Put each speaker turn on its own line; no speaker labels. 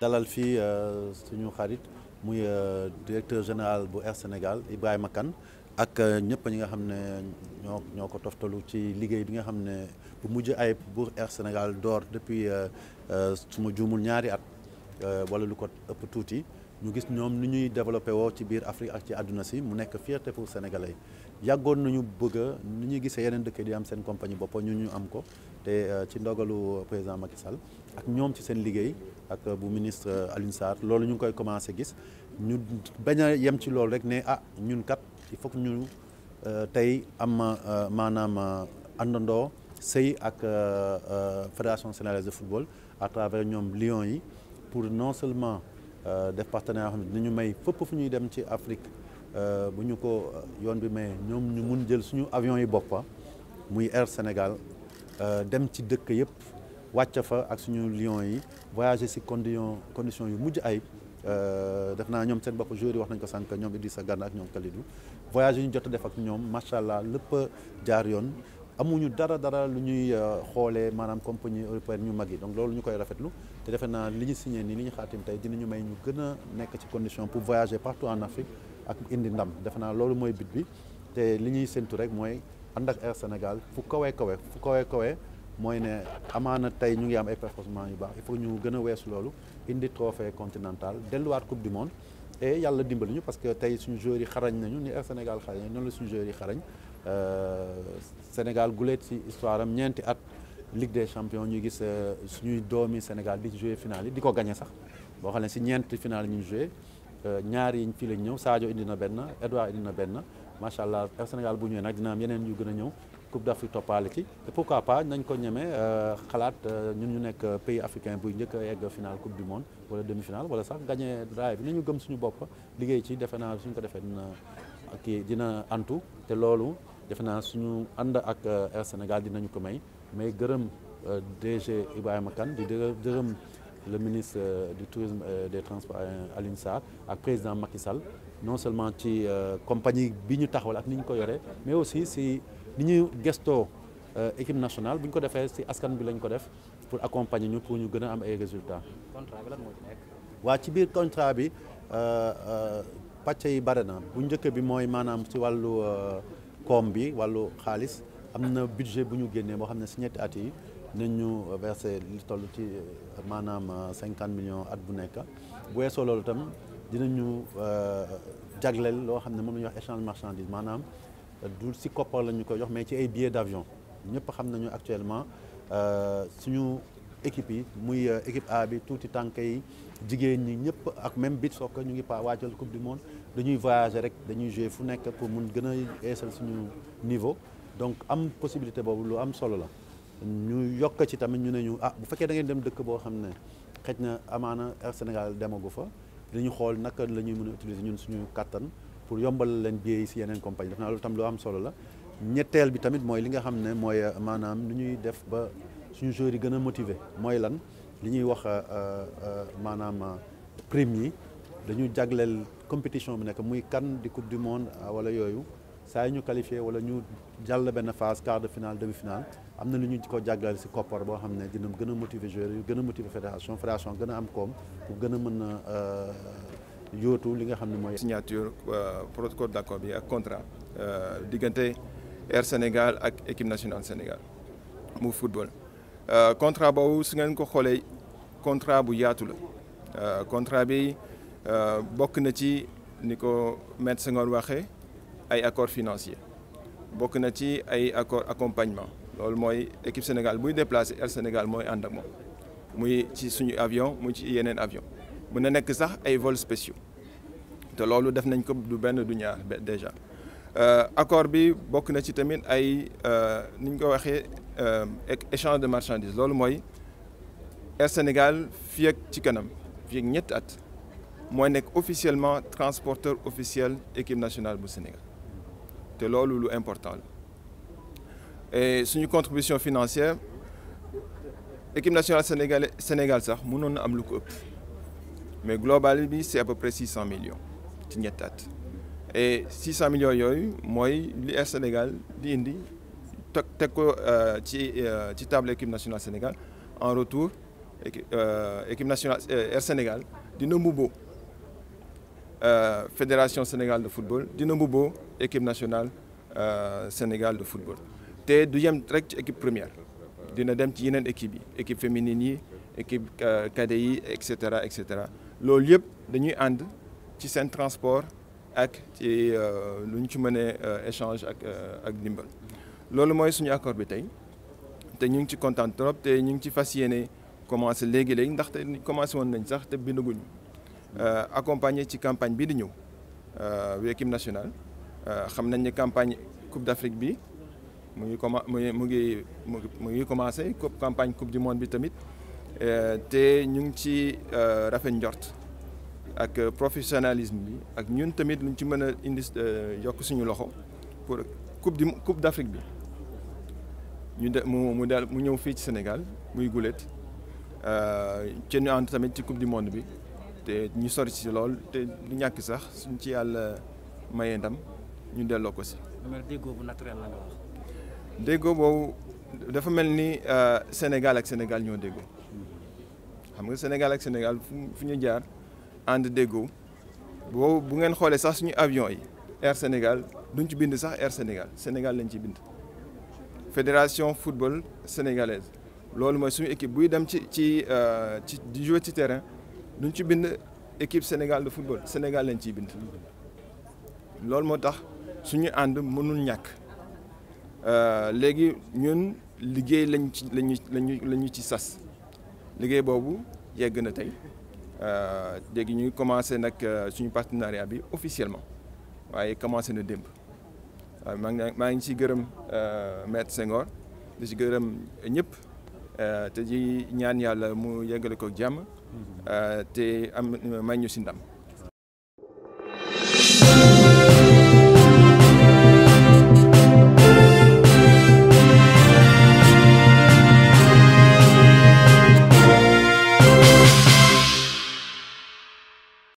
dalal fii euh, suñu xarit muy euh, directeur général bu Air Sénégal Ibrahima Kane ak euh, ñëpp ñi nga xam ne ñoo ñoo ko toftalu ci liggéey bi nga xam ne bu mujj ay bu Air Sénégal door depuis su ma juumul ñaari at wala lu ko ëpp tuuti ñu gis ñoom ni ñuy développé woo ci biir Afrique ak ci àdduna si mu nekk fierté pour sénégalais yàggoon nañu bëgg a ni ñuy gisee yeneen dëkke di am seen compagnie bopp ñu ñu am ko te euh, ci ndogalu président Macky Sall ak ñoom ci seen liggéey ak euh, bu ministre euh, Alioune loolu ñu ngi koy commencé gis ñu bañ a yem ci loolu rek ne ah ñun kat il faut que ñu tey am maanaam àndandoo sëy ak fédération sénégalaise de football à travers ñoom Lions yi pour non seulement def partenaire yoo xam ne may fépp fu ñuy dem ci Afrique. Euh, bu ñu ko euh, yoon bi mais ñoom ñu mun jël suñu avion yi boppa muy Air Sénégal euh, dem ci dëkk yëpp wàcc fa ak suñu Lions yi voyager si condition condition yu mujj ayib def naa ñoom seen bopp joueurs wax nañ ko sànq ñoom Idrissa Gana ak ñoom Kalidou voyage yi ñu jot a def ak ñoom macha allah lépp jaar yoon amuñu dara dara lu ñuy xoolee maanaam compagnie européenne ñu mag yi donc loolu ñu koy rafetlu te defe naa li ñu signé nii li ñu xaatim tey dinañu may ñu gën a nekk ci condition pour voyager partout en ak indi ndam defe naa loolu mooy bit bi te li ñuy séntu rek mooy ànd ak Air Sénégal fu kawee kawe fu kawee kawe mooy ne amaana tey ñu ngi am ay performance yu baax il faut ñu gën a weesu loolu indi trophée continental delluwaat coupe du monde et yàlla dimbali ñu parce que tey suñu joueurs yi xarañ nañu ni Air Sénégal xarañ noonu la suñu joueurs yi xarañ euh, Sénégal gule ci histoire ñeenti at Ligue des champions ñu gis euh, suñuy doomi Sénégal di jouer finale yi di ko gagné sax boo xam ne ci ñeenti finale ñu ñaar yiñ fii lañ ñëw Sadio indi na benn Edouard indi na benn macha allah Sénégal bu ñëwee nag dina am yeneen yu gën a ñëw Coupe d'Afrique toppaale ci te pourquoi pas nañ ko ñemee euh, xalaat euh, ñun ñu nekk pays africain buy njëkk a yegg final coupe du monde wala demi finale wala sax gagné raay bi nañu gëm suñu bopp liggéey ci defe naa suñ ko defee dina kii dina antu te loolu defe naa suñu ànd ak euh, Air Sénégal dinañu ko may mais gërëm DG Ibrahima Kane di gërëm le ministre euh, du tourisme et des transports euh, Alioune Sarr ak président Macky non seulement ci euh, compagnie bi ñu taxawal ak ni ñu ko yoree mais aussi si ni ñu gestoo équipe nationale bu ñu ko defee si askan bi lañ ko def pour accompagner ñu pour ñu gën a am ay résultats. contrat bi lan moo waa ci biir contrat bi pàcc yi bare na bu njëkk bi mooy maanaam ci wàllu koom bi wàllu xaalis am na budget bu ñu génnee boo xam ne si ñetti at yi. ñu versé li toll ci euh, maanaam euh, cinquante millions at bu nekk bu weesoo loolu itam dinañu euh, jagleel loo xam ne moom la wax échange marchandise maanaam du si koppar la ñu koy jox mais ci ay billets d' avion ñëpp xam nañu actuellement suñu équipe yi muy équipe A bi tuuti tànk yi jigéen ñi ñëpp ak même bit soccer ñu ngi pas waajal coupe du monde dañuy voyager rek dañuy jouer fu nekk pour mun gën a eesal suñu niveau donc am possibilité boobu lu am solo la. ñu yokk ci tamit ñu ne ñu ah bu fekkee dangeen dem dëkk boo xam ne xëj na amaana Air Sénégal demagu fa dinañu xool naka la ñuy mën a utiliser ñun suñu kattan pour yombal leen bi yi si yeneen compagnie def naa loolu tam lu am solo la ñetteel bi tamit mooy li nga xam ne mooy euh, maanaam lu ñuy def ba suñu joueurs yi gën a motiver mooy lan li ñuy wax euh, euh, maanaam prime yi dañu jagleel compétition bi nekk muy kan di coupe du monde ah, wala yooyu saa yi ñu qualifié wala ñu jàll benn fas quart de finale demi finale am na lu ñu ko jàggal si koppar boo xam ne dina gën a motiver joueurs yu gën a motiver fédération fédération gën a am koom pour gën a mën
a euh, yóotu li nga xam ne mooy. signature euh, protocole d'accord bi ak contrat euh, diggante Air Sénégal ak équipe nationale Sénégal mu football contrat boobu su ngeen ko xoolee contrat bu yaatu la contrat bi bokk na ci ni ko maître Senghor waxee. ay accords financiers bokk na ci ay accords accompagnement loolu mooy équipe Sénégal buy déplacé Air Sénégal mooy ànd ak moom muy ci suñu avion mu ci yeneen avion mën na nekk sax ay vols spéciaux te loolu def nañ ko du benn du ñaar déjà euh, accord bi bokk na ci tamit ay euh, ni ñu ko waxee euh, échange de marchandise loolu mooy Air Sénégal fii ci kanam fii ñett at mooy nekk officiellement transporteur officiel équipe nationale bu Sénégal te loolu lu important la et suñu contribution financière équipe nationale sénégalaise Sénégal sax mu na am lu ko ëpp mais global bi c'est à peu près six ci ñetti at et cent millions yooyu mooy li Air Sénégal di indi teg teg ko euh, ci euh, ci table équipe nationale Sénégal en retour euh, équipe nationale Air Sénégal dina mbubboo Euh, fédération Sénégal de football dina mbubboo équipe nationale euh, Sénégal de football te du yem rek ci équipe première dina dem ci yeneen équipe yi équipe féminine yi équipe euh, cadet yi et cetera et cetera loolu yëpp dañuy ànd ci seen transport ak ci lu ñu ci mënee échange ak ak ndimbal loolu mooy suñu accord bi tey te ñu ngi ci kontaan trop te ñu ngi ci fas yéene commencé léegi-léegi ndaxte commencé woon nañ sax te bindaguñu Euh, accompagner ci campagne bii di ñëw wi euh, national nationale euh, xam nañ ni campagne coupe d'Afrique bi mu ngi commen mu ngi mu ngi mu commencé coupe campagne coupe du monde bi tamit te ñu ngi ci rafet njort ak professionnalisme bi ak ñun tamit luñ ci mën a indi yokk suñu loxo pour coupe du coupe d'Afrique bi ñu de mu mu daal mu ñëw fii ci Sénégal muy guléet ci ñu ànd tamit ci coupe du monde bi te ñu sori si lool te du ñàkk sax suñ ci yàlla mayee ndam ñu delloo ko si.
déggoo bu naturel la nga
wax. boobu dafa mel ni euh, Sénégal ak Sénégal ñoo déggoo xam nga Sénégal ak Sénégal fu ñu jaar ànd déggoo boobu bu ngeen xoolee sax suñu avion yi Air Sénégal duñ ci bind sax Air Sénégal Sénégal lañ ci bind. fédération football sénégalaise loolu mooy suñu équipe buy dem ci ci euh, ci di jouer ci terrain. duñ ci bind équipe Sénégal de football Sénégal lañ ciy bind loolu moo tax suñu ànd mënul ñàkk euh, léegi ñun liggéey lañ ci lañu lañu la ñu ci sas liggéey boobu yegg na tey euh, léegi ñu ngi commencé nag euh, suñu partenariat bi officiellement waaye commencé na démb waaye maa ngi maa ngi ci gërëm maître Senghor di ci gërëm ñëpp te ji ñaan yàlla mu yeggale ko jàmm te am may ñu ndam.